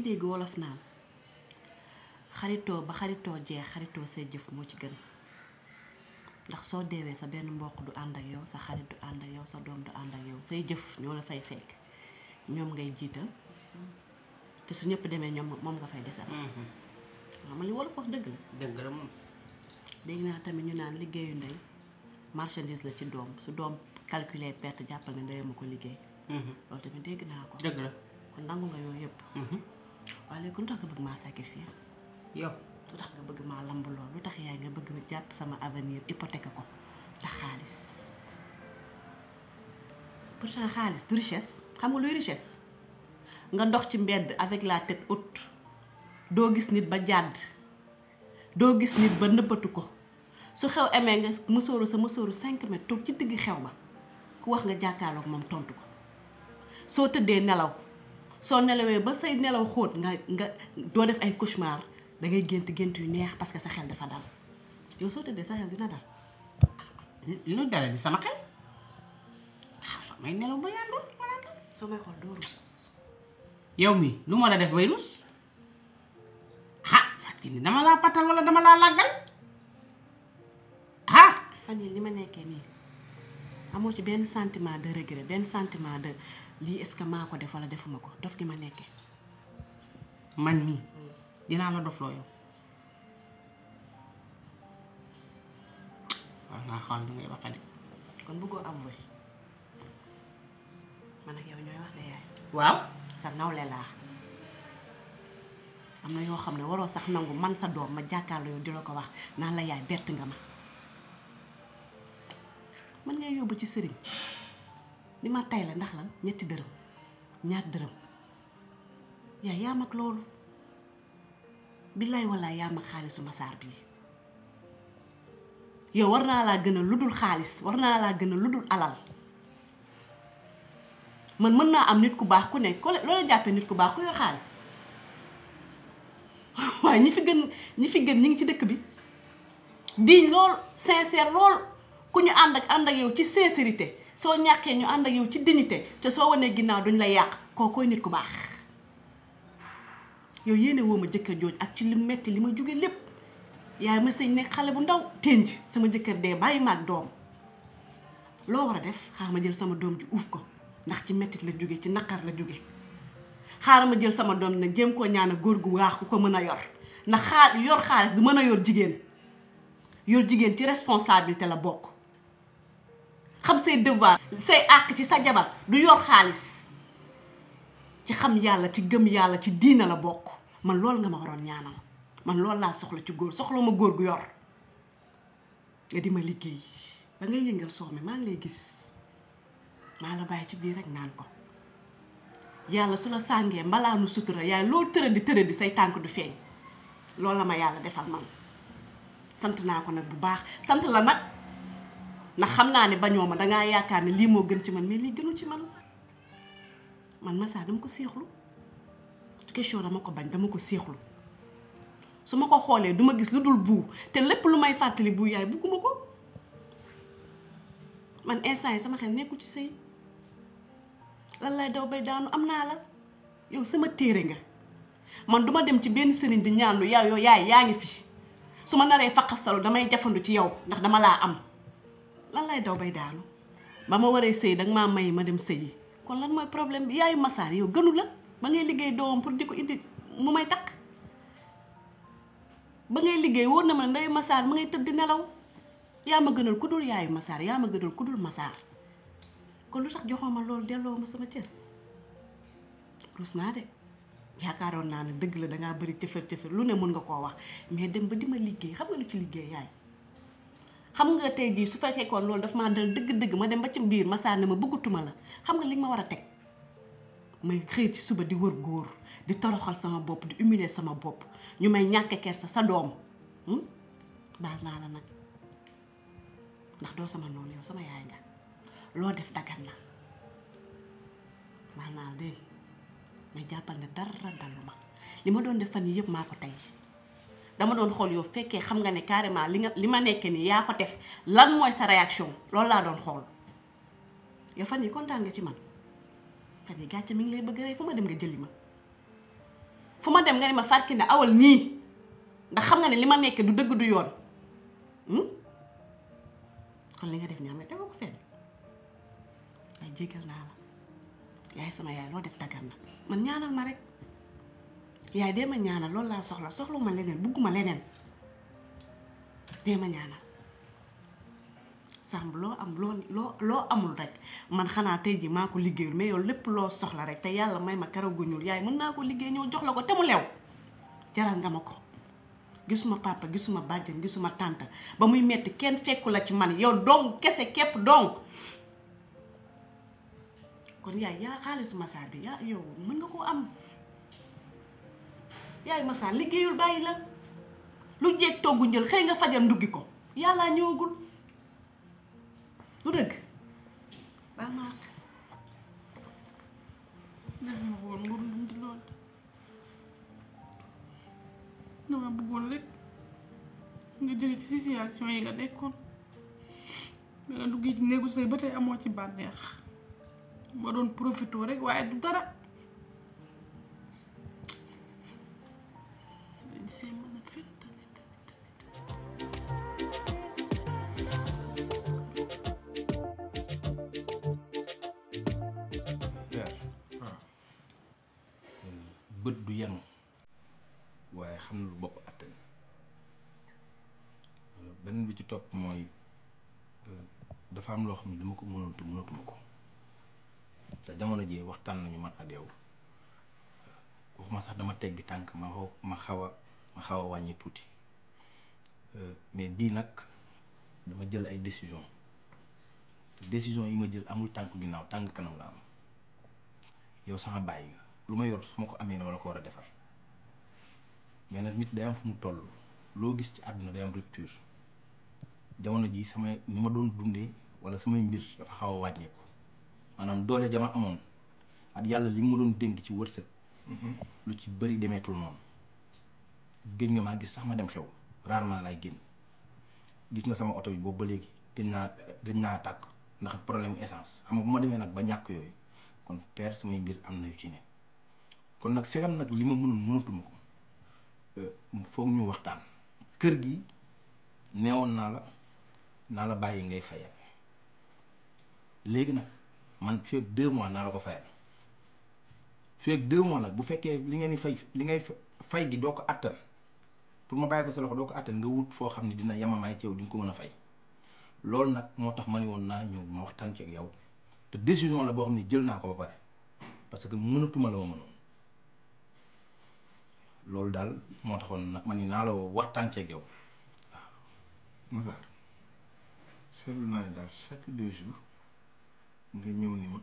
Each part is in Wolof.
ngay dégg wolof naan xaritoo ba xaritoo jeex xaritoo say jëf moo ci gën ndax soo deewee sa benn mboq du ànd ak yow sa xarit du ànd ak yow sa doom du ànd ak yow say jëf ñoo la fay fekk ñoom ngay jiital te su ñëpp demee ñoom moom nga fay desal waaw mm-hmm. ma li wolof wax dëgg la dëgg la moom dégg naa tamit ñu naan liggéeyu ndey marchandise la ci doom su doom calculer perte jàppal ko liggéey mm-hmm. loolu dëgg la kon nangu nga yooyu yëpp mm-hmm. waaw léegi lu tax nga bëgg maa sacrifier yow lu tax nga bëgg maa lamb lu tax yaay nga bëgg ma jàpp sama avenir hypothèque ko ndax xaalis pourtant xaalis du richesse xam nga richesse nga dox ci mbedd avec la tête haute doo gis nit ba jàdd doo gis nit ba nëbbatu ko su xew amee nga mësooru sa mësooru 5 mètres toog ci digg xew ba ku wax nga jàkkaarloog moom tontu ko soo tëddee nelaw soo nelawee ba say nelaw xóot nga nga doo def ay cauchemar da ngay gént gént yu neex parce que sa xel dafa dal yow soo tëddee sa xel dina dal. li lu dala di sama xel waaw ah, may nelaw ba yàndu doo rus. mi lu mën a def bay rus ah ni dama laa patal dama laa làggal ah. fan yii li ma nekkee nii amoo ci benn sentiment de regret benn sentiment de. lii est-ce que maa ko def wala defuma ko dof gi ma nekke man mii dinaa la dof loo yow war ngaa xool li ngay waxale kon bëggoo avoué man ak yow ñooy wax de yaay waaw sa nawle laa am na yoo xam ne waroo sax nangu man sa doom ma jàkkaarloo yow di la ko wax naan la yaay bett nga ma man ngay yóbbu ci sëriñ li ma tay la ndax lan ñetti dërëm ñaat dërëm yaa yaa mag loolu billaay wallaay yaa mag xaalisu masaar bii yow war naa laa gën a lu dul xaalis war naa laa gën a lu dul alal man mën naa am nit ku baax ku ne ko loola jàppee nit ku baax ku yor xaalis waaye ñi fi gën ñi fi gën ñi ngi ci dëkk bi diiñ lool sincère lool ku ñu ànd ak ànd ak yow ci sincérité soo ñàkkee ñu ànd ak yow ci dignité te soo wanee ginnaaw duñ la yàq kookoy nit ku baax yow yéene woo ma jëkkër jooj ak ci li metti li ma jóge lépp yaay ma sëñ nekk xale bu ndaw tenj sama jëkkër dee bàyyi ma doom loo war a def xaar ma jël sama doom ji uuf ko ndax ci mettit la jóge ci naqar la jóge xaar ma jël sama doom ji nag jéem koo ñaan góor gu waax ku ko mën a yor ndax xaar yor xaalis du mën a yor jigéen yor jigéen ci responsabilité la bokk xam say devoir say àq ci sa jabar du yor xaalis ci xam yàlla ci gëm yàlla ci diina la bokk man loolu nga ma waroon ñaanal man loolu laa soxla ci góor soxla ma góor gu yor nga di ma liggéey ba ngay yëngal soo mi maa ngi lay gis maa la bàyyi ci biir rek naan ko yàlla su la sàngee mbalaanu sutura yaay loo tëradi tëradi say tànk du feeñ loolu la ma yàlla defal man sant naa ko nag bu baax sant la nag ndax xam naa ne bañoo ma dangaa yaakaar ni lii moo gën ci man mais lii gënu ci man man Massa dama ko seexlu question dama ko bañ dama ko seexlu su ma ko xoolee duma gis lu dul buu te lépp lu may fàttali bu yaay bugguma ko man instant yi sama xel nekku ci sëy lan lay daw bay daanu am naa la yow sama téere nga man duma dem ci benn sëriñ di ñaandu yaay yow yaay yaa ngi fi su ma naree faqasalu damay jafandu ci yow ndax dama laa am lan lay daw bay daanu ba ma waree sëy danga maa may ma dem sëyi kon lan mooy problème bi yaayu masaar yow gënu la ba ngay liggéey doom pour di ko indi mu may takk ba ngay liggéey wóor na ma ne ndeyu masaar mu ngay tëdd nelaw yaa ma gënal ku dul yaayu masaar yaa ma gënal ku dul masaar kon lu tax joxoo ma loolu delloo ma sama cër rus naa de yaakaaroon naa ne dëgg la dangaa bari cëfër cëfër lu ne mun nga koo wax mais dem ba di ma liggéey xam nga lu ci liggéey xam nga tey gii su fekkee kon loolu daf maa dal dëgg-dëgg ma dem ba ci biir ma sànni ma bëggatuma la xam nga li ma war a teg may xëy ci suba di wër góor di toroxal sama bopp di humilier sama bopp ñu may ñàkk kersa sa doom hmm? baal naa la nag ndax doo sama noonu yow sama yaay nga loo def dagan na baal naa la dégg may jàppal ne dara dalu ma li ma doon def fan yii yëpp maa ko tey dama doon xool yow fekkee xam nga ne carrément li nga li ma nekk nii yaa ko def lan mooy sa réaction loolu laa doon xool yow fan yi kontaan nga ci man fan yi gàcce mi ngi lay bëgg rey fu ma dem nga jëli ma fu ma dem nga ne ma fàtki ne awal nii ndax xam nga ne li ma nekk du dëgg du yoon hmm? kon li nga def nii am nga ko fenn waaye jéggal naa la yaay sama yaay loo def daggan na man ñaanal ma rek yaay dee ma ñaanal loolu laa soxla soxlu ma leneen bugguma leneen dee ma ñaanal sàmb loo am loo loo amul rek man xanaa tey jii maa ko liggéeyul mais yow lépp loo soxla rek te yàlla may ma karaw gu ñuul yaay mën naa koo liggéey ñoo jox la ko te mu lew jaral nga ma ko gisuma papa gisuma bàjjan gisuma tànta ba muy metti kenn fekku la ci man yow dong kese képp dong kon yaay yaa xaalis masaar bi yaa yow mën nga koo am yaay Massa liggéeyul bàyyi la lu jeeg togg njël xëy nga fajal nduggi ko yàllaa ñëwagul lu dëgg baal nga lundi bëggoon rek nga ci situation yi nga nekkoon danga dugg ci néegu sëy ba tey amoo ci bànneex ma doon profité rek waaye du dara Ah. bët du yenu waaye xam na lu bopp attan benn bi ci topp mooy dafa am loo xam ne dama ko mënatu mënatuma ko te jamono ji waxtaan nañu man ak yow waxuma sax dama teggi tànk ma ma xaw ma xaw a wàññi tuuti euh, mais bii nag dama jël ay décision décision yi ma jël amul tànk ginnaaw tànk kanam la am yow sax bàyyi nga lu ma yor su ma ko amee dama la ko war a defar mais nag nit day am fu mu toll loo gis ci àdduna day am rupture jamono ji samay ni ma doon dundee wala samay mbir dafa xaw a wàññeeku maanaam doole jama amoon at yàlla li ma doon dénk ci wërsëg mhm. lu ci bëri demeetul noonu gëj nga maa gis sax ma dem xew rarement lay génn gis na sama oto bi boobu ba léegi gëj naa gëj naa tàkk ndax problème essence xam nga bu ma demee nag ba ñàkk yooyu kon per samay mbir am na yu ci ne kon nag segam nag li ma mënul mënatuma ko euh, foog ñu waxtaan kër gi neewoon naa la naa la bàyyi ngay fayal léegi nag man fii ak deux mois naa la ko fayal mois nag bu fekkee li ngeen fay li ngay fay gi doo ko attan pour ma bàyyi ko sa loxo doo ko àttan nga wut foo xam ne dina yemamaay ci yow di nga ko mën a fay loolu nag moo tax ma man woon naa ñëw ma wax ci ak yow te décision la boo xam ne jël naa ko ba pare parce que mu mënatuma la ma mënoon loolu daal moo taxoon nag man ni naa la waxtaan ci ak yow waaw. Matar seetlu naa ne daal chaque deux jour nga ñëw ni ma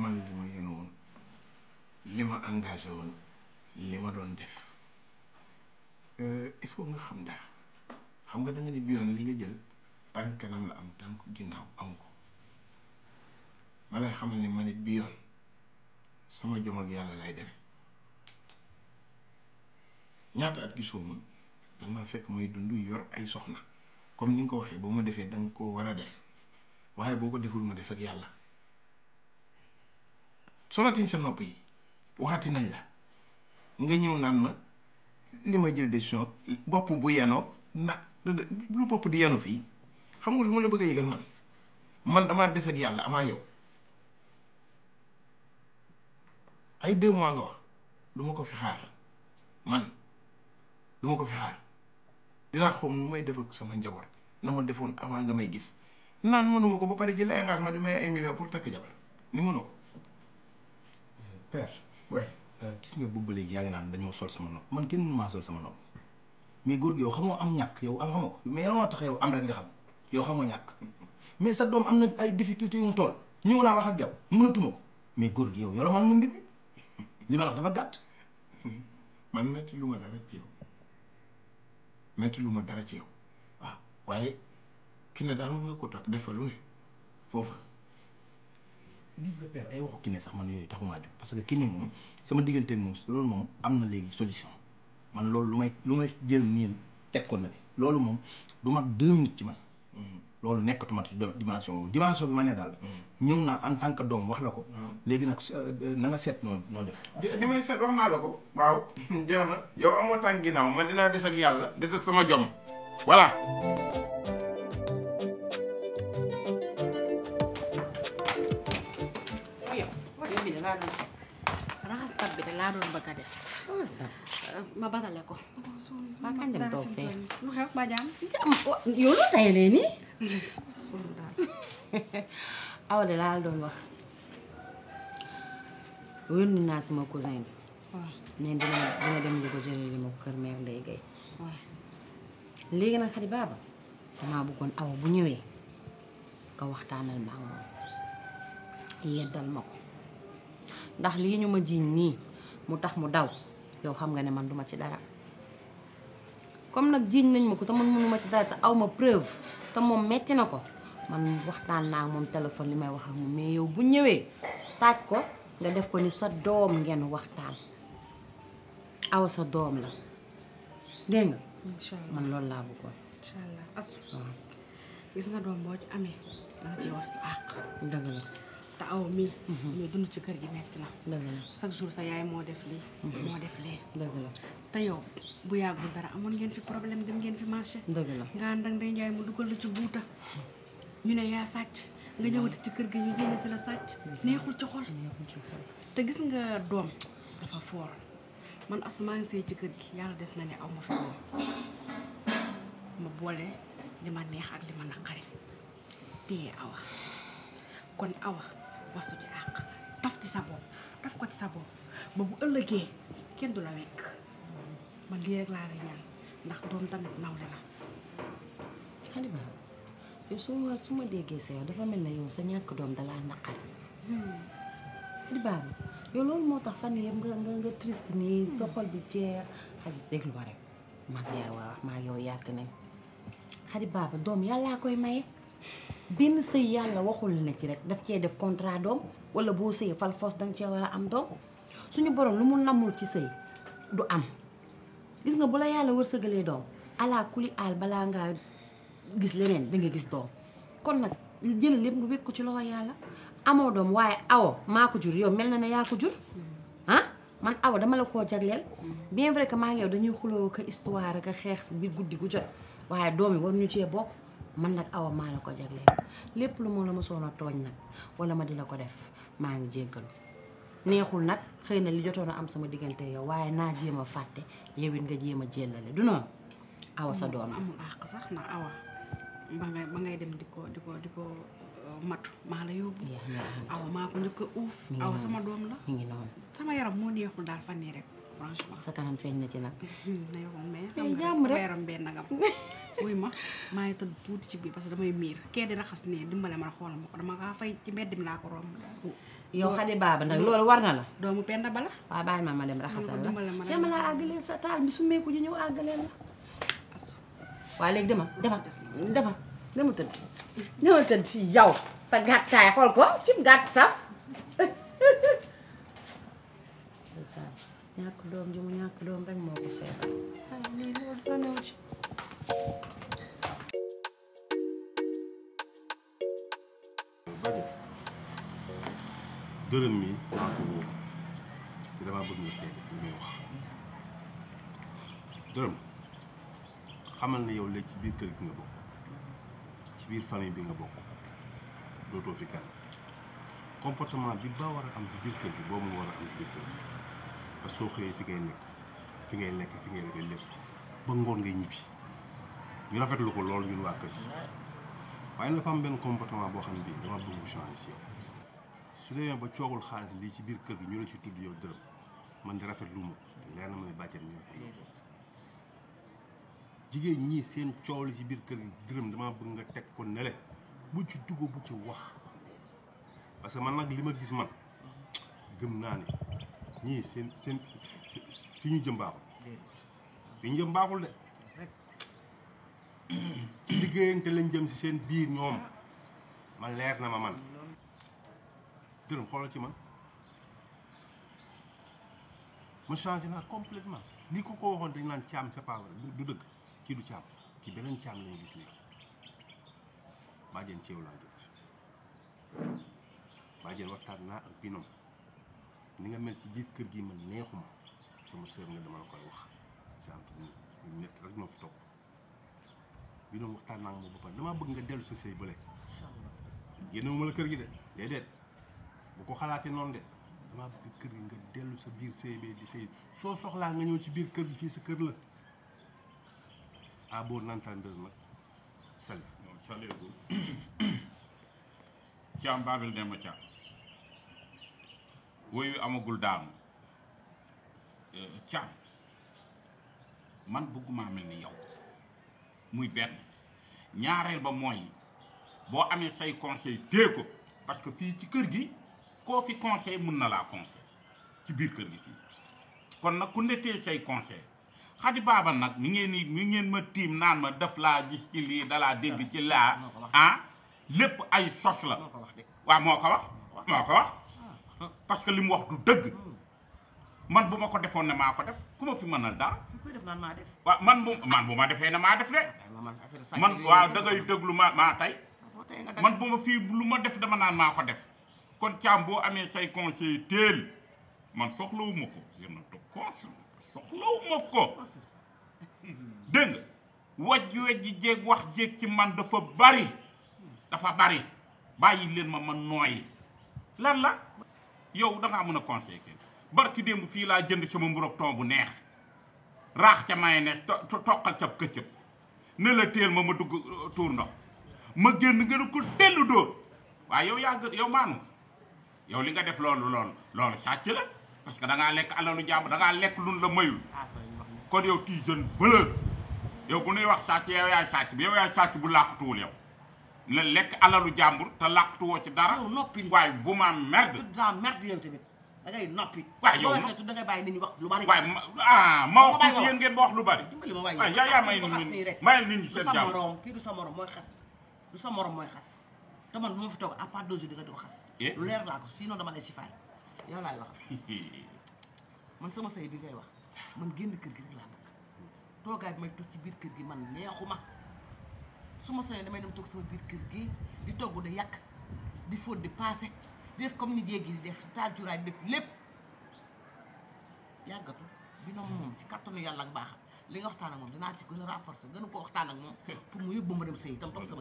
man li ma yéene woon li ma engagé li ma doon def. Euh, il faut nga xam dara xam nga da ne biiyoon li nga jël tànk kanam la am tànk ginnaaw am ma lay xamal ni ma ne bi yoon sama jom ak yàlla lay deme ñaata at gisoo ma danga maa fekk may dund yor ay soxna comme ni nga ko waxee boo ma defee danga koo war a def waaye boo ko deful ma def ak yàlla sonatiñ sa nopp yi waxati nañ la nga ñëw naan ma li ma jël décision bopp bu yenoo na lu bopp di yenu fii xam nga lu ma la bëgg a yëgal man man damaa des yàlla amaa yow ay deux mois nga wax du ma ko fi xaar man du ma ko fi xaar dinaa xool nu may def sama njaboot na ma defoon avant nga may gis naan mënuma ko ba pare jël ay engagement di may ay pour takk jabar ni mënoo père Euh, gis nga boobu ba léegi yaa ngi naan dañoo sol sama nopp man kenn mënu maa sol sama nopp mais góor gi yow xamoo am ñàkk yow am xamoo mais lan moo tax yow am xam yow xamoo mais sa doom am na ay difficulté yu mu toll ñëw naa wax ak yow mënatuma ko mais góor gi yow yow la man mu mbir mi dafa gàtt. man metti lu ma dara ci yow lu ma dara ci yow waaye ki ne daal mun nga ko takk defal lu ne foofa. le père ay waxu kiné sax man yooyu taxumaa jóg parce que kiné moom sama digganteeg moom loolu moom am na léegi solution man loolu lu may lu may jël nii teg ko na loolu moom du mag deux minutes ci man mm. loolu nekkatuma ci dimension boobu dimension bi ma ne daal mm. ñëw naa en tant doom wax la ko mm. léegi nag euh, na nga seet noonu noonu def li may seet wax maa la ko waaw jeex na yow amoo tànk ginnaaw ma dinaa des ak yàlla des ak sama jom voilà laa doon set raxas tab bi de laa doon bëgg a def. Euh, ma batale ko. waa kañ dem toog fee. lu xew ba jàmm. yow loo tayalee nii. aw de laa doon wax. yónni naa sama cousin bi. waaw nee dina dina dem di ko jëlee li ma ko kër mère Ndeye Gueye. léegi nag xadi baaba damaa bëggoon aw bu ñëwee nga waxtaanal ma ak moom yeddal ma ko. ndax lii ñu ma jiiñ nii mu tax mu daw yow xam nga ne man duma ci dara comme nag jiiñ nañ ma ko te man mënuma ci dara te aw ma preuve te moom metti na ko man waxtaan naa moom téléphone li may wax ak moom mais yow bu ñëwee taaj ko nga def ko ni sa doom ngeen waxtaan aw sa doom la dégg nga. incha allah man loolu laa bëggoon. gis nga doom boo ci amee danga ci was àq. dëgg la. te aw mi mhm. mais dund ci kër gi metti na chaque jour sa yaay moo def lii mhm. moo def lee te yow bu yàggul dara amoon ngeen fi problème dem ngeen fi marché nga ànd ak Ndeye Ndiaye mu dugal la ci guuta ñu ne yaa sàcc nga ñëwati ci kër gi ñu jëndati la sàcc neexul ci xol te gis nga doom dafa foor man asumaa ngi ci kër gi yàlla def na ne aw ma fi doom ma boole li ma neex ak li ma naqari téye awa kon awa wastu ci àq taf ci sa bopp taf ko ci sa bopp ba bu ëllëgee kenn du la wekk man lii rek laa lay ñaan ndax doom tamit nawle la Habiba yow su ma su ma déggee sa yow dafa mel ne yow sa ñàkk doom dalaa naqar Habiba hmm. yow loolu moo tax fan yëpp nga nga nga triste nii sa hmm. xol bi jeex ak déglu ma rek maa ngi yaay wax maa yow yàgg nañ Habiba doom yàllaa koy maye benn sëy yàlla waxul ne ci rek daf cee def contrat doom wala boo sëy fal foos danga cee war a am doom suñu borom lu mu namul ci sëy du am gis nga bu la yàlla wërsëgalee doom ala kuli balaa ngaa gis leneen da gis doom kon nag jël lépp nga wékk ko ci loxo yàlla amoo doom waaye awo maa ko jur yow mel na ne yaa ko jur ah man awa dama la koo jagleel bien vrai que maa ngi yow dañuy xuloo ko histoire ak xeex si bi guddi gu jot waaye doom yi war ñu cee bokk man nag awa maa la ko jagleel lépp lu ma la mësoon a tooñ nag wala ma di la ko def maa ngi jéggalu neexul nag xëy na li jotoon a am sama diggante yow waaye naa jéem a fàtte yow it nga jéem a jéllale du noonu awa sa doom amul àq sax na awa ba ngay ngay dem di ko di ko di ko uh, matu maa la yóbbu awa maa ko njëkk a uuf awa sama doom la mi ngi noonu sama yaram moo neexul daal fan yii rek franchement sa kanam feeñ na ci nag. mais eh, jàmm rek yaram benn nga wuy ma maa ngi tëdd tuuti ci biir parce que damay miir kee di raxas ne dimbale ma xool ma ko dama kaa fay ci mbedd mi laa ko romb. yow xadi baaba nag loolu war na la. doomu penn bala. waaw bàyyi ma ma dem raxasal la dama laa àggaleel sa taal bi su meeku ji ñëw àggaleel la. waaw léegi dama dama dama dama tëdd dama tëdd si yow sa gàttaay xool ko ci gàtt saf. ñàkk doom ah, dërëm mi maa ko wóor te damaa bëgg nga seede li muy wax dërëm xamal na yow léegi ci biir kër gi nga bokk ci biir famille bi nga bokk dootoo fi kan comportement bi ba war a am ci biir kër gi boobu mu war a am ci biir kër gi parce que soo xëyee fi ngay nekk fi ngay nekk fi ngay defee lépp ba ngoon ngay ñibbi ñu rafetlu ko loolu ñun waa kër gi waaye dafa am benn comportement boo xam ne bii dama bëgg mu changer si yow ba coogul xaalis lii ci biir kër gi ñu la ci tudd yow man di rafetlu ma leer na ma ne bàccet ñu rafetlu jigéen ñii seen coow li ci biir kër gi dërëm dama bëgg nga teg ko nele bu ci dugg bu ci wax parce que man nag li ma gis man gëm naa ne ñii seen seen fi ñu jëm fi ñu jëm de ci liggéeyante lañ jëm si seen biir ñoom ma leer na ma man dërëm xoolal ci man ma changé naa complètement li ko ko waxoon dañ naan caam c'est pas vrai du dëgg kii du caam kii beneen caam lañu gis léegi baa jën ci yow laa jot baa jën waxtaan naa ak binom ni nga mel ci biir kër gi ma neexuma sama sœur nga dama la koy wax c'est entre nous ñun ñett rek ñoo fi toog bi doon waxtaan naa moom ba damaa bëgg nga dellu sa sëy bële. incha allah la kër gi de déedéet bu ko xalaatee noonu de damaa bëgg kër gi nga dellu sa biir sëy bee di sëy soo soxlaa nga ñëw ci biir kër gi fii sa kër la ah, à bon entendeur nag sali. non salee ko Thiam Babel woy amagul daanu euh, Thiam man bëgguma mel ni yow muy benn ñaareel ba mooy boo amee say conseil téye ko parce que fii ci kër gi koo fi conseil mun na laa conseil ci biir kër gi fii kon nag ku nettee say conseil xadi baaba nag mi ngeen mi ngeen ma tiim naan ma def laa gis ci lii dalaa dégg ci laa ah lépp ay sos la waaw moo ko wax moo ko wax parce que li mu wax du dëgg man bu ma ko defoon ne maa ko def ku ma fi mënal dara. fu def naan maa def. waaw man bu man bu ma defee ne maa def de. man waaw da ngay déglu ma maa tey. Ah, man bu ma fii lu ma def dama naan maa ko def. kon caam boo amee say conseil teel man soxlawu ma ko je ne te conseil jéeg wax jéeg ci man dafa bari dafa bari bàyyi leen ma man nooyi lan yow da ngaa mën a conseillé kenn barki démb fii laa jënd sama mburok ton bu neex raax ca mayonnaise toqal ca këccëg ne la teel ma ma dugg euh, tuur ndox ma génn ngeen ko dellu dóor waaye yow yaa yow maanu yow li nga def loolu loolu loolu sàcc la parce que da ngaa lekk alalu jàmm da lekk luñ la mayul ah, kon yow tii jeune valeur yow bu nuy wax sàcc yow yaay sàcc bi yow yaay sàcc bu làqatuwul yow la lekk alalu jàmbur te làqtuwoo ci dara. noppi waaye bu ma merde. tout ça merde yow tamit da ngay noppi. waaye yow ma da ngay bàyyi nit ñi wax lu bari. waaye ma ah ma wax tuuti yéen wax lu bari. waaye yaa yaa may nit ñi seen jàmbur sa morom mooy xas du sa morom mooy xas te man bu ma fi toog à part si jours di nga di ko xas. Eh? lu leer laa ko sinon dama lay sifaay yow laay wax man sama sëy bi ngay wax man génn kër gi rek laa bëgg toogaay bi may toog ci biir kër gi man neexuma su ma soñee damay dem toog sama biir kër gi di togg di yàq di fóot di paase di def comme ni jéegi di def taal cuuraay def lépp yàggatu binoom moom ci kattanu yàlla ak baaxam li nga waxtaan ak moom dinaa ci gën a renforcer gën a ko waxtaan ak moom pour mu yóbbu ma dem sëy la fi fi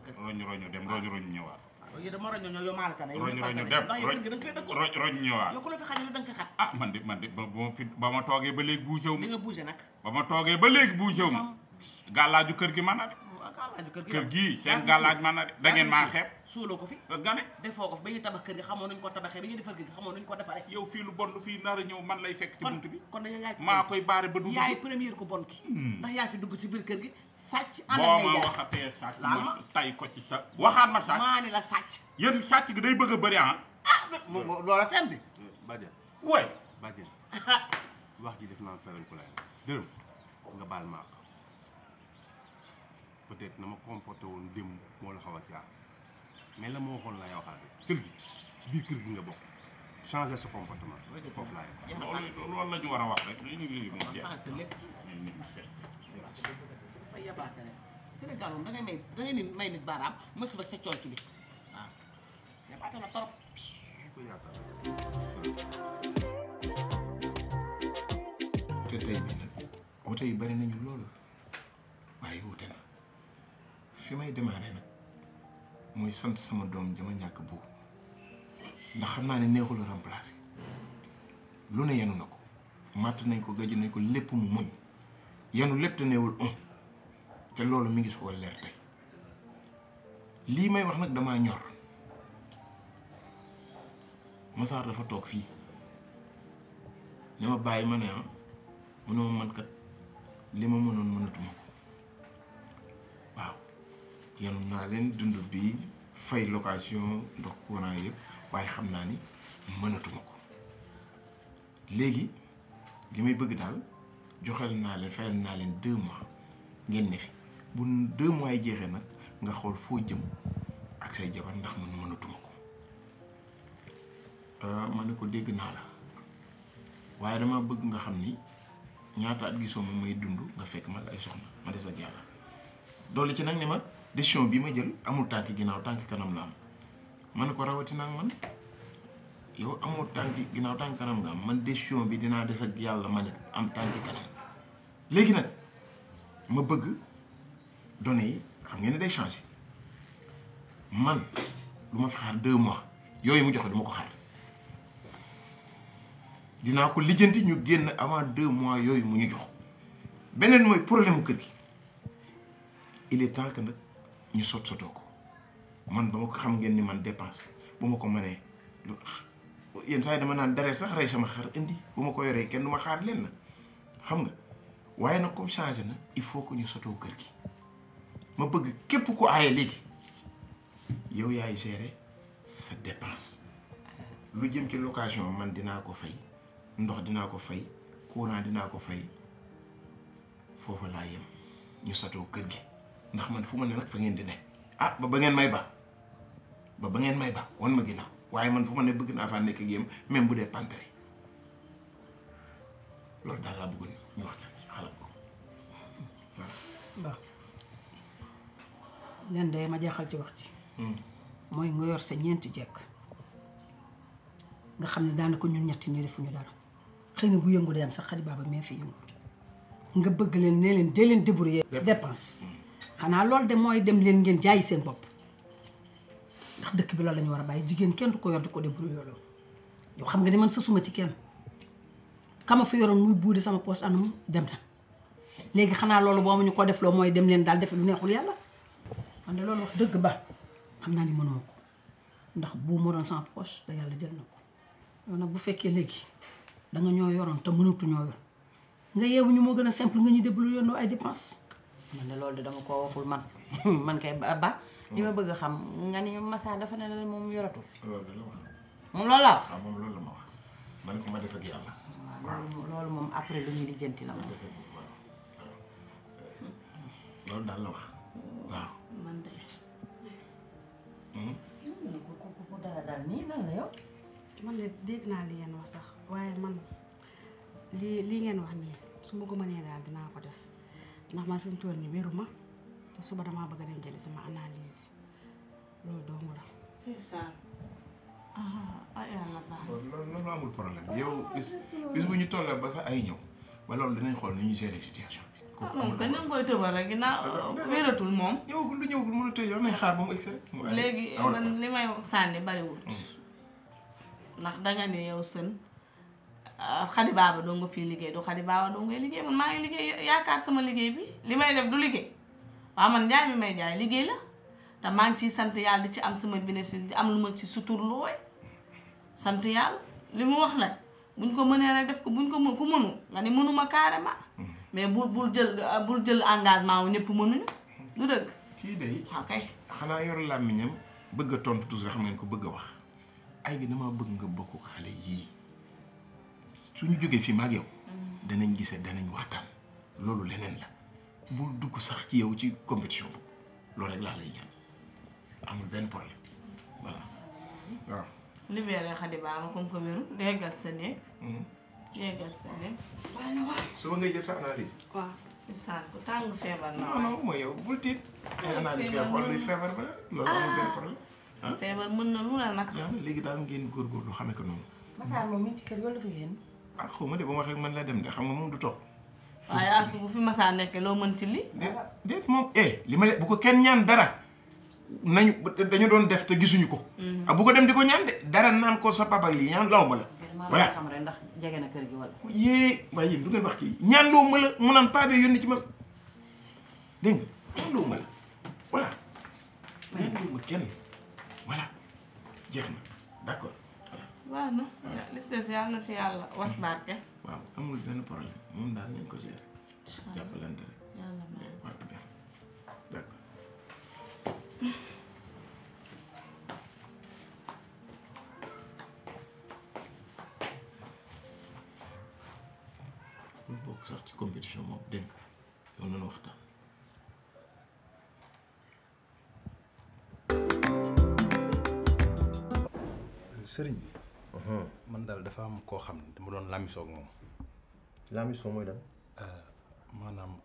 xat ah man de man de ba ma ba ma toogee ba léegi bougé ma di nga bougé nag ba ma toogee ba léegi bougé wu ma gàllaaju kër gi man a de gàllaaju kër gi kër gii seen gàllaaj man na de da ngeen maa xeeb ko fi gane defoo ko fi ba ñuy tabax kër gi xamoon nuñ ko tabaxee ba ñuy defar kër gi xamoon nuñ ko defaree yow fii lu bon lu fii nar a ñëw man lay fekk ci bunt bi maa koy baare ba dugg yaay première ko bon ki hmm. ndax yaa fi dugg ci biir kër gi sàcc boo ma waxatee sàcc ma tay ko ci sa waxaat ma sàcc maa ne la sàcc yéen sàcc gi day bëgg a bëri ah, ah loola seen bi bàjjen way bàjjen wax ji def naa feral ku lay dërëm nga baal maa peut na ma comporté woon démb moo la xaw a jaar mais la ma wax laay waxaat kër gi ci biir kër gi nga bokk changer sa comportement foofu laay wax. loolu la ñu war a wax rek. te na. fi may démarrer nag mooy sant sama doom jama ñàkk bu ndax xam naa ne neexul remplacer lu ne yenu na ko màtt nañ ko gëj nañ ko lépp mu muñ yenu lépp te neewul un te loolu mi ngi soo leer lii may wax nag damaa ñor Masaar dafa toog fii ne ma bàyyi ma ne ah mu ne ma man li ma mënoon mënatuma ko yenu naa leen dund bi fay location ndox courant yëpp waaye xam naa ni mënatuma ko léegi li may bëgg daal joxel naa leen fayal naa leen deux mois ngeen ne fi bu deux mois yi jeexee nag nga xool foo jëm ak say jabar ndax man mënatuma ko euh, ma ne ko dégg naa la waaye dama bëgg nga xam ni ñaata at gisoo ma may dund nga fekk ma ay soxna ma des ak yàlla dolli ci nag ni ma décision bi ma jël amul tànk ginnaaw tànk kanam la am man ko rawatina ak man yow amoo tànk ginnaaw tànk kanam nga am man décision bi dinaa des ak yàlla man it am tànk kanam léegi nag ma bëgg données yi xam ngeen ne day changé man du ma fi xaar deux mois yooyu mu joxe du ma ko xaar dinaa ko lijjanti ñu génn avant deux mois yooyu mu ñu jox beneen mooy problème mu kër gi il est temps que nag. ñu sot sotoo ko man ba ma ko xam ngeen ni man dépense bu ma ko mënee yenn saa yi dama naan dareet sax rey sama xar indi bu ma ko yoree kenn du ma xaar leen na xam nga waaye nag comme changé na il faut que ñu sotoo kër gi ma bëgg képp ko aaye léegi yow yaay gérer sa dépense lu jëm ci location man dinaa ko fay ndox dinaa ko fay courant dinaa ko fay foofa laa yem ñu sotoo kër gi ndax man fu ma ne nag fa ngeen di ne ah ba ba ngeen may ba ba ba ngeen may ba wan ma ginnaaw waaye man fu ma ne bëgg naa faa nekk ak yéen même bu dee pantere loolu daal laa bëggoon ñu waxtaan ci xalaat ko waaw. ci wax ji. Hmm. mooy nga yor sa ñeenti jekk nga xam ne daanaka ñun ñetti ñu defuñu dara xëy na bu yëngu day am sax xarit baaba mee fi yëngu nga bëgg leen nee leen dee leen débrouiller dépense hmm. xanaa loolu de mooy dem leen ngeen jaayi seen bopp ndax dëkk bi loolu la war a bàyyi jigéen kenn du ko yor di ko débrouiller loolu yow xam nga ne man sësuma ci kenn kama fi yoroon muy buudi sama poos anam dem na léegi xanaa loolu boo ñu ko def mooy dem daal def lu neexul yàlla man de loolu wax dëgg ba xam naa ni mënuma ko ndax bu ma doon sama yàlla jël na ko yow bu fekkee léegi danga ñoo yoroon te mënatu yor nga yeewu ñu moo gën a simple nga ñu débrouiller ay dépense man de loolu de dama koo waxul man man kay ba ba li ma bëgg a xam nga ni Massa dafa ne la moom yoratu. loolu la wax. moom loolu la wax. Ah, moom loolu la ma wax man ko ma des ak yàlla. waaw moom après lu ñu lijjanti la moom. Eh, daal wax waaw. man de. ku hmm? dara dégg naa li ngeen wax sax waaye man lii lii ngeen wax nii su ma ko mënee daal dinaa ko def. ndax man fi mu toll nii wéru ma te suba damaa bëgg a dem jëli sama analyse loolu doomu la. Ah, loolu amul problème yow bis bu ñu tollee ba ay ñëw ba loolu dinañ xool nu ñu gérer situation bi. kooku ah, amul problème moom koy tëbal rek ginnaaw wératul moom. ñëwagul lu ñëwagul mënut a yor nañ xaar ba mu léegi man li may sànni bariwut. Mm. ndax danga ne sën. xadi euh, baaba doo nga fii liggéey du xadi baaba doo ngay liggéey man maa ngi liggéey yaakaar sama liggéey bi li may def du liggéey waaw man jaay mi may jaay liggéey la te maa ngi ciy sant yàlla di ci am sama bénéfice di am lu ma ci suturloo sant yàlla li mu wax nag buñ ko mënee rek def ko buñ ko mën ku mënu nga ne mënuma carrément mais bul bul jël bul jël engagement wu ñëpp mënuñu du dëgg. kii de ok ah, xanaa yor làmmiñam bëgg a tontu toujours xam ngeen ko bëgg a wax ay gi dama bëgg nga suñu jógee fi maag yow mm. danañ gisee danañ waxtaan loolu leneen la bul dugg sax ci yow ci compétition bu loolu rek laa lay ñaan amul benn problème voilà waaw. libéré xadi ba ma comme que wéru day gas sa néeg. day mm-hmm. gas sa néeg. waaw waaw. ngay jël sa analyse. waaw isaan ko tàng feebar na. non mooy yow bul tiit. Ah, ay analyse ngay xool feebar ba loolu amul benn ah. problème. Ah. feebar mën na lu la nag. léegi daal ngeen góorgóorlu xamee ko noonu. Massar moom mi kër ah xaw ma de ba mu waxee man laa dem de xam nga moom du toog. waaye as bu fi masaa nekkee loo mën ci li déet moom eh li ma le bu ko kenn ñaan dara nañu dañu doon def te gisuñu ko. Mhm. Ah, bu ko dem di ko ñaan dara naan ko sa papa lii ñaan law ma la. voilà xam rek ndax jege na kër wax kii ñaan loo ma mu naan paa bee yónni ci ma dégg kenn voilà jeex na d'accord. waaw na lis des yàlla na ci yàlla was barke waaw amul benn problème moom daal nañ ko gérer jàppalante rek yàlla waaw d'accord bul bokk sax ci compétition moom dénk yow nañu waxtaan Mm-hmm. man daal dafa am koo xam ne dama doon lamisoo ak moom. lamisoo mooy lan. Euh, maanaam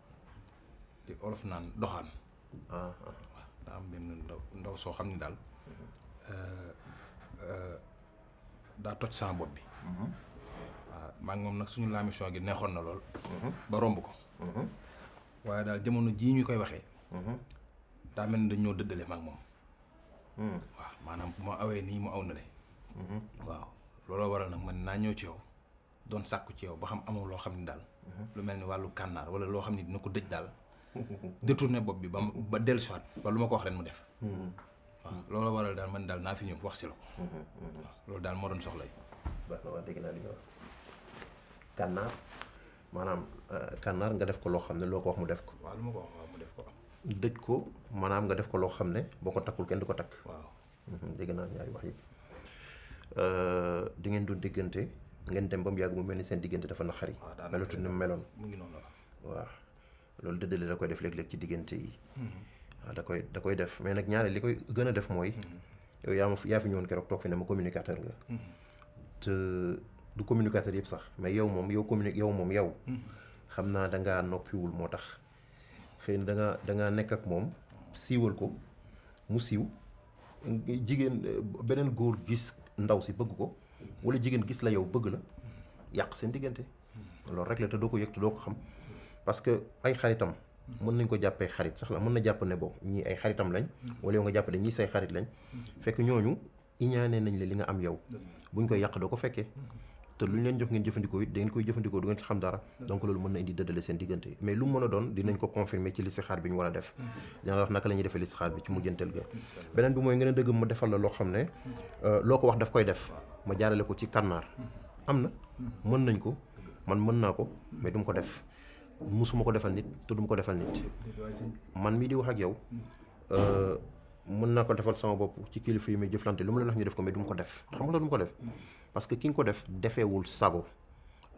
li olof naan doxaan. Ah, ah. waaw daa am benn ndaw soo xam ne daal mm-hmm. euh, euh, daa toj sama bopp bi. Mm-hmm. waaw moom nag suñu lamisoo gi neexoon na lool. ba romb ko. waaye daal jamono jii ñu koy waxee. daa mel ni dañoo dëddale ma moom. Mm. waaw maanaam bu ma awee nii mu aw na le. waaw looloo waral nag man naa ñëw ci yow doon sàkku ci yow ba xam amul loo xam ne daal mhm. lu mel ni wàllu kànnaar wala loo xam ne dina ko dëj daal détourné bopp bi ba ba dellusiwaat ba lu ma ko wax mu def mhm. waaw looloo waral daal man daal naa fi ñëw wax si la mhm, loolu daal moo doon soxla yi baax na nga maanaam euh, kànnaar nga def ko loo xam ne loo ko def ko waaw ko mu def ko dëj ko maanaam nga def ko loo xam ne boo ko takkul kenn du ko takk waaw dégg naa ñaari wax yëpp Euh, di ngeen doon diggante ngeen dem ba mu yàgg mu mel ni seen diggante dafa naqari. waaw ah, melatu ni mu meloon. mu ngi noonu waaw loolu dëddale da koy def léeg-léeg ci diggante yi. Mhm. waaw da koy da koy def mais nag ñaare li koy gën a def mooy. Mhm. yow yaa ma yaa fi ñëwoon keroog mhm. du communicateur yëpp sax mais yow moom yow communi yow moom xam naa da ngaa noppiwul moo tax. xëy na danga ngaa nekk ak moom siiwal ko mu siiw jigéen beneen góor gis ndaw si bëgg ko wala jigéen gis la yow bëgg la yàq seen diggante loolu rek la te doo ko yëg te doo ko xam parce que ay xaritam mën nañ ko jàppee xarit sax la mën na jàpp ne bo ñii ay xaritam lañ wala yow nga jàpp ne ñii say xarit lañ fekk ñooñu iñaanee nañ la li nga am yow buñ koy yàq doo ko fekkee te lu ñu leen jox ngeen jëfandikoo it da ngeen koy jëfandikoo du ngeen ci xam dara donc loolu mën na indi dëddale seen diggante mais lu mën a doon dinañ ko confirmer ci listixaar bi ñu war a def dina la wax naka la ñuy defee listixaar bi ci mujjanteel ga beneen bi mooy ngeen a dëgg ma defal la loo xam ne euh, loo ko wax daf koy def ma jaarale ko ci kànnaar am na mën nañ ko man mën naa ko mais du ma ko def musuma ko defal nit te du ma ko defal nit man mii di wax ak yow euh, mën naa ko defal sama bopp ci kilifa yi may jëflante lu mu leen wax ñu def ko mais du ma ko def xam nga lu mu ko def parce que ki nga ko def defeewul sago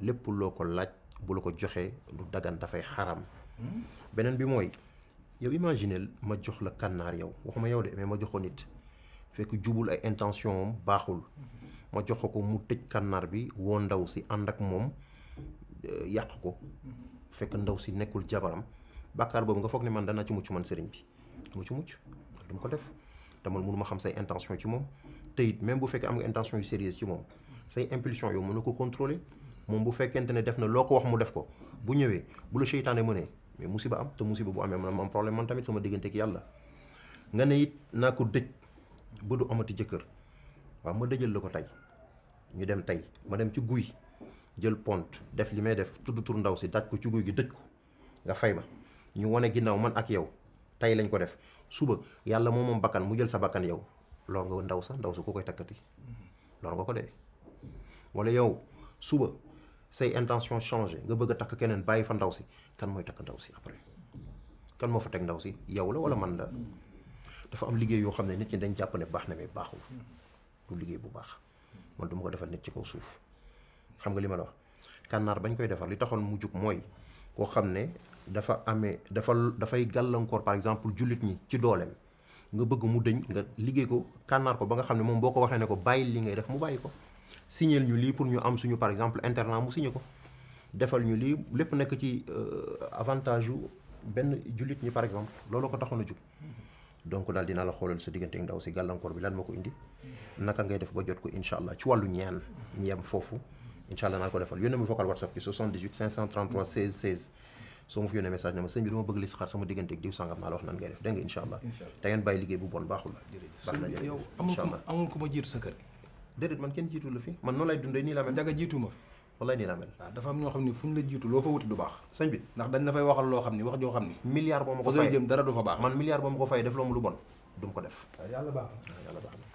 lépp loo ko laaj bu la ko joxee lu dagan dafay xaram beneen bi mooy yow imaginel ma jox la kànnaar yow waxuma yow de mais ma jox ko fekk jubul ay intention am baaxul ma jox ko mu tëj kànnaar bi woo ndaw si ànd ak moom euh, yàq ko fekk ndaw si nekkul jabaram bàkkaar boobu nga foog ne man dana ci mucc man sëriñ bi mu ci mucc du ma ko def te man mënuma xam say intention ci moom te it même bu fekkee am nga intention yu sérieuse ci moom say impulsion yow mën na ko contrôler moom bu fekkente ne def na loo ko wax mu def ko bu ñëwee bu la ma mënee mais musiba am te musiba bu amee man am problème man tamit sama diggante ak yàlla nga ne it naa ko dëj ba du jëkkër waaw ma dëjal la ko tey ñu dem tey ma dem ci guy jël pont def li may def tudd ndaw si daj ko ci guy gi dëj ko nga fay ma ñu wane ginnaaw man ak yow tey lañ ko def suba yàlla moom moom bakkan mu jël sa bakkan yow lor nga ndaw sa ndaw su ko koy takkati lor nga ko dee wala yow suba say intention changé nga bëgg takk keneen bàyyi fa ndaw si kan mooy takk ndaw si après kan moo fa teg ndaw si yow la wala man la dafa am liggéey yoo xam ne nit ñi dañ jàpp ne baax na mais baaxul du liggéey bu baax man du ma ko defal nit ci kaw suuf xam nga li ma la wax kànnaar bañ koy defar li taxoon mu jug mooy koo xam ne dafa amee dafa dafay gàllankoor par exemple jullit ñi ci dooleem nga bëgg mu dëñ nga liggéey ko kànnaar ko ba nga xam ne moom boo ko waxee ne bàyyi li ngay def mu bàyyi ko signal ñu lii pour ñu am suñu par exemple internat mu signé ko defal ñu lii lépp nekk ci euh, avantage yu benn jullit ñi par exemple loolu ko taxoon a jug donc daal dinaa la xoolal sa diggante ndaw si gàllankoor bi lan moo ko indi naka ngay def ba jot ko incha allah ci wàllu ñaan ñi yem foofu incha allah naa ko defal yónnee ma vocal whatsapp ci 78 soo ma fi yónnee message ne ma sëñ bi dama bëgg li si xaar sama diggante diw sangam naa la wax nan déedéet man kenn jiitu la fi man noonu lay dundee nii laa mel. njaga jiitu ma fi. wallaay nii laa mel. waaw ah, dafa am ñoo xam ne fu ñu la jiitu loo fa wuti du baax. sëñ bi ndax dañ la fay waxal loo xam ne wax joo xam ni. milliard boo ma ko fayee fa jëm ma ko fayee def loo mu lu bon du ma ko def. Ah,